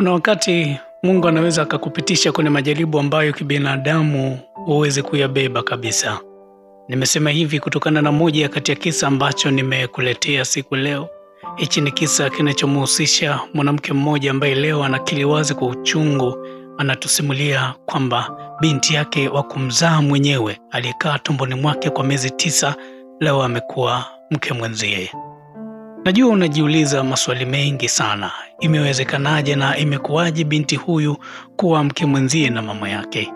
Kuna wakati Mungu anaweza akakupitisha kwenye majaribu ambayo kibinadamu huwezi kuyabeba kabisa. Nimesema hivi kutokana na moja kati ya kisa ambacho nimekuletea siku leo. Hichi ni kisa kinachomhusisha mwanamke mmoja ambaye leo anakili wazi kwa uchungu, anatusimulia kwamba binti yake wa kumzaa mwenyewe aliyekaa tumboni mwake kwa miezi tisa leo amekuwa mke mwenzie. Najua unajiuliza maswali mengi sana. Imewezekanaje na imekuwaje binti huyu kuwa mke mwenzie na mama yake?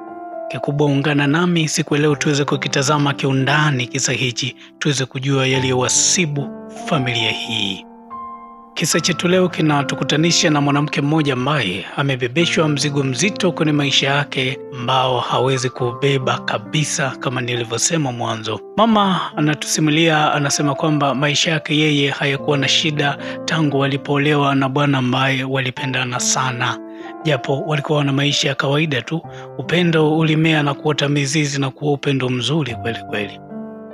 Kikubwa, ungana nami siku leo tuweze kukitazama kiundani kisa hichi, tuweze kujua yaliyowasibu familia hii. Kisa chetu leo kinatukutanisha na mwanamke mmoja ambaye amebebeshwa mzigo mzito kwenye maisha yake ambao hawezi kubeba kabisa. Kama nilivyosema mwanzo, mama anatusimulia, anasema kwamba maisha yake yeye hayakuwa na shida tangu walipoolewa na bwana ambaye walipendana sana, japo walikuwa na maisha ya kawaida tu. Upendo ulimea na kuota mizizi na kuwa upendo mzuri kweli kweli,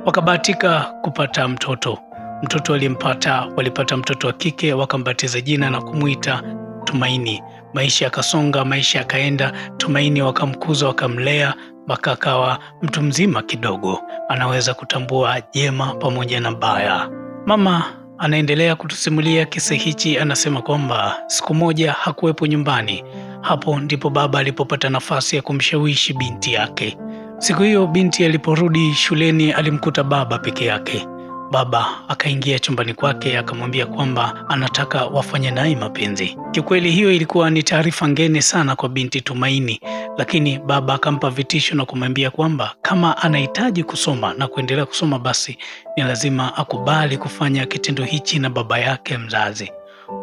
wakabahatika kupata mtoto mtoto aliyempata walipata mtoto wa kike, wakambatiza jina na kumwita Tumaini. Maisha yakasonga, maisha yakaenda. Tumaini wakamkuza, wakamlea mpaka akawa mtu mzima kidogo, anaweza kutambua jema pamoja na baya. Mama anaendelea kutusimulia kisa hichi, anasema kwamba siku moja hakuwepo nyumbani. Hapo ndipo baba alipopata nafasi ya kumshawishi binti yake. Siku hiyo binti aliporudi shuleni alimkuta baba peke yake. Baba akaingia chumbani kwake akamwambia kwamba anataka wafanye naye mapenzi. Kiukweli hiyo ilikuwa ni taarifa ngeni sana kwa binti Tumaini, lakini baba akampa vitisho na kumwambia kwamba kama anahitaji kusoma na kuendelea kusoma, basi ni lazima akubali kufanya kitendo hichi na baba yake mzazi.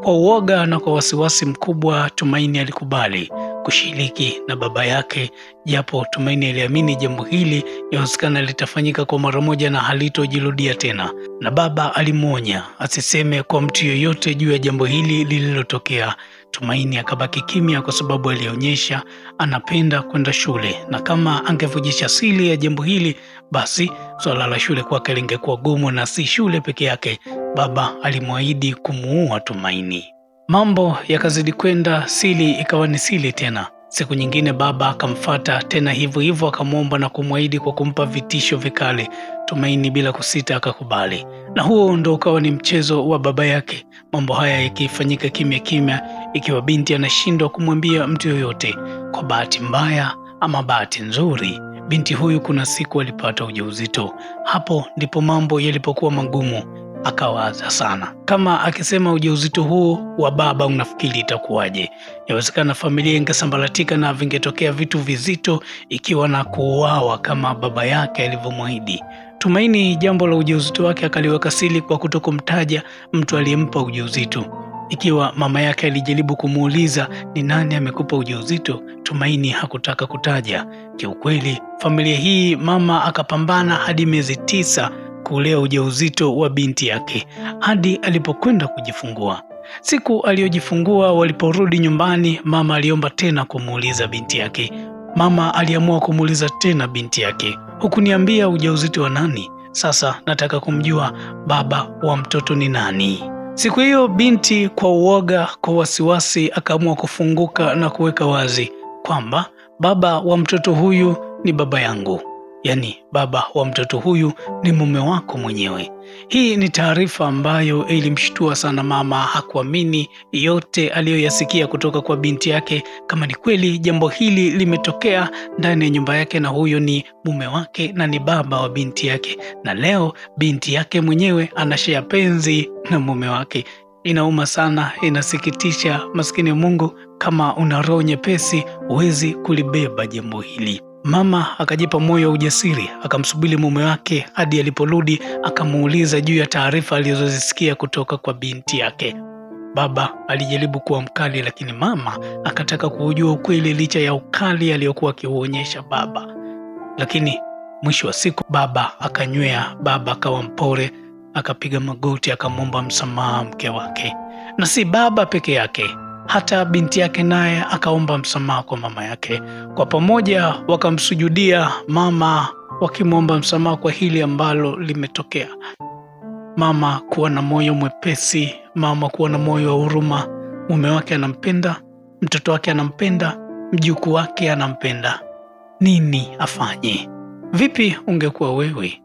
Kwa uoga na kwa wasiwasi mkubwa, Tumaini alikubali kushiriki na baba yake, japo Tumaini aliamini jambo hili inawezekana litafanyika kwa mara moja na halitojirudia tena, na baba alimwonya asiseme kwa mtu yoyote juu ya jambo hili lililotokea. Tumaini akabaki kimya kwa sababu alionyesha anapenda kwenda shule, na kama angevujisha siri ya jambo hili, basi swala la shule kwake lingekuwa gumu, na si shule peke yake. Baba alimwahidi kumuua Tumaini. Mambo yakazidi kwenda, sili ikawa ni sili tena. Siku nyingine baba akamfata tena hivyo hivyo, akamwomba na kumwahidi kwa kumpa vitisho vikali. Tumaini bila kusita akakubali, na huo ndo ukawa ni mchezo wa baba yake, mambo haya yakifanyika kimya kimya, ikiwa binti anashindwa kumwambia mtu yoyote. Kwa bahati mbaya ama bahati nzuri, binti huyu kuna siku alipata ujauzito. Hapo ndipo mambo yalipokuwa magumu akawaza sana, kama akisema ujauzito huo wa baba unafikiri itakuwaje? Yawezekana familia ingesambaratika na vingetokea vitu vizito, ikiwa na kuuawa kama baba yake alivyomwahidi. Tumaini jambo la ujauzito wake akaliweka siri kwa kutokumtaja mtu aliyempa ujauzito. Ikiwa mama yake alijaribu kumuuliza ni nani amekupa ujauzito, Tumaini hakutaka kutaja. Kiukweli, familia hii mama akapambana hadi miezi tisa kulea ujauzito wa binti yake hadi alipokwenda kujifungua. Siku aliyojifungua, waliporudi nyumbani, mama aliomba tena kumuuliza binti yake. Mama aliamua kumuuliza tena binti yake, hukuniambia ujauzito wa nani? Sasa nataka kumjua baba wa mtoto ni nani. Siku hiyo binti, kwa uoga, kwa wasiwasi, akaamua kufunguka na kuweka wazi kwamba baba wa mtoto huyu ni baba yangu yaani baba wa mtoto huyu ni mume wako mwenyewe. Hii ni taarifa ambayo ilimshtua sana mama. Hakuamini yote aliyoyasikia kutoka kwa binti yake, kama ni kweli jambo hili limetokea ndani ya nyumba yake, na huyo ni mume wake na ni baba wa binti yake, na leo binti yake mwenyewe anashea penzi na mume wake. Inauma sana, inasikitisha. Maskini Mungu, kama una roho nyepesi huwezi kulibeba jambo hili. Mama akajipa moyo wa ujasiri, akamsubiri mume wake hadi aliporudi, akamuuliza juu ya taarifa alizozisikia kutoka kwa binti yake. Baba alijaribu kuwa mkali, lakini mama akataka kujua ukweli licha ya ukali aliyokuwa akiuonyesha baba. Lakini mwisho wa siku baba akanywea, baba akawa mpore, akapiga magoti, akamwomba msamaha mke wake, na si baba peke yake hata binti yake naye akaomba msamaha kwa mama yake. Kwa pamoja wakamsujudia mama, wakimwomba msamaha kwa hili ambalo limetokea. Mama kuwa na moyo mwepesi, mama kuwa na moyo wa huruma. Mume wake anampenda, mtoto wake anampenda, mjukuu wake anampenda. Nini afanye? Vipi ungekuwa wewe?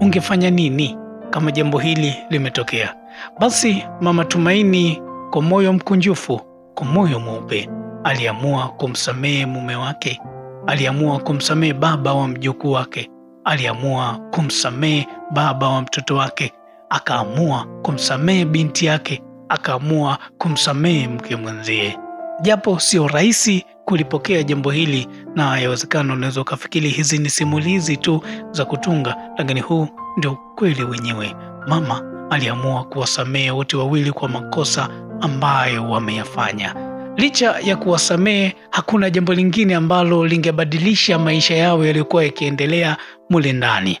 Ungefanya nini kama jambo hili limetokea? Basi Mama Tumaini kwa moyo mkunjufu kwa moyo mweupe. Aliamua kumsamehe mume wake, aliamua kumsamehe baba wa mjukuu wake, aliamua kumsamehe baba wa mtoto wake, akaamua kumsamehe binti yake, akaamua kumsamehe mke mwenzie. Japo sio rahisi kulipokea jambo hili, na yawezekana unaweza ukafikiri hizi ni simulizi tu za kutunga, lakini huu ndio ukweli wenyewe. Mama aliamua kuwasamehe wote wawili kwa makosa ambayo wameyafanya. Licha ya kuwasamehe, hakuna jambo lingine ambalo lingebadilisha maisha yao yaliyokuwa yakiendelea mule ndani.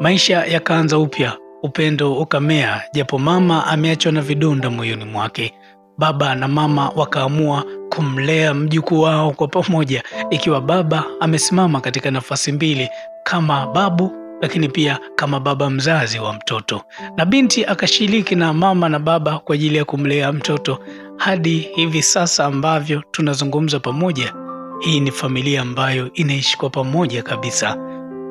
Maisha yakaanza upya, upendo ukamea, japo mama ameachwa na vidonda moyoni mwake. Baba na mama wakaamua kumlea mjukuu wao kwa pamoja, ikiwa baba amesimama katika nafasi mbili kama babu lakini pia kama baba mzazi wa mtoto, na binti akashiriki na mama na baba kwa ajili ya kumlea mtoto hadi hivi sasa ambavyo tunazungumza pamoja. Hii ni familia ambayo inaishi kwa pamoja kabisa.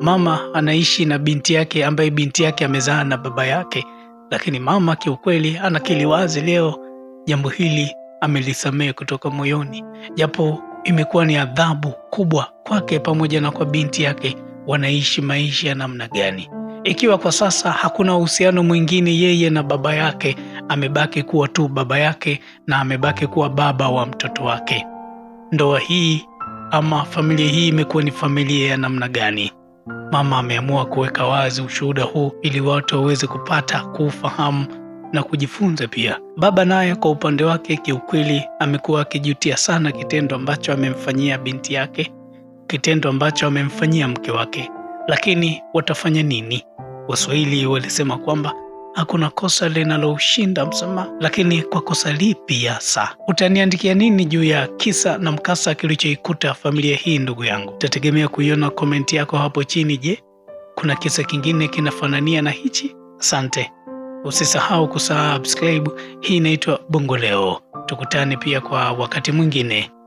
Mama anaishi na binti yake ambaye binti yake amezaa na baba yake, lakini mama kiukweli wazi leo jambo hili amelisamehe kutoka moyoni, japo imekuwa ni adhabu kubwa kwake pamoja na kwa binti yake wanaishi maisha ya namna gani, ikiwa kwa sasa hakuna uhusiano mwingine yeye na baba yake, amebaki kuwa tu baba yake na amebaki kuwa baba wa mtoto wake. Ndoa hii ama familia hii imekuwa ni familia ya namna gani? Mama ameamua kuweka wazi ushuhuda huu ili watu waweze kupata kuufahamu na kujifunza pia. Baba naye kwa upande wake, kiukweli amekuwa akijutia sana kitendo ambacho amemfanyia binti yake kitendo ambacho amemfanyia mke wake, lakini watafanya nini? Waswahili walisema kwamba hakuna kosa linaloushinda msamaha, lakini kwa kosa lipi hasa? Utaniandikia nini juu ya kisa na mkasa kilichoikuta familia hii? Ndugu yangu, tategemea kuiona komenti yako hapo chini. Je, kuna kisa kingine kinafanania na hichi? Asante, usisahau kusubscribe. Hii inaitwa Bongo Leo. Tukutane pia kwa wakati mwingine.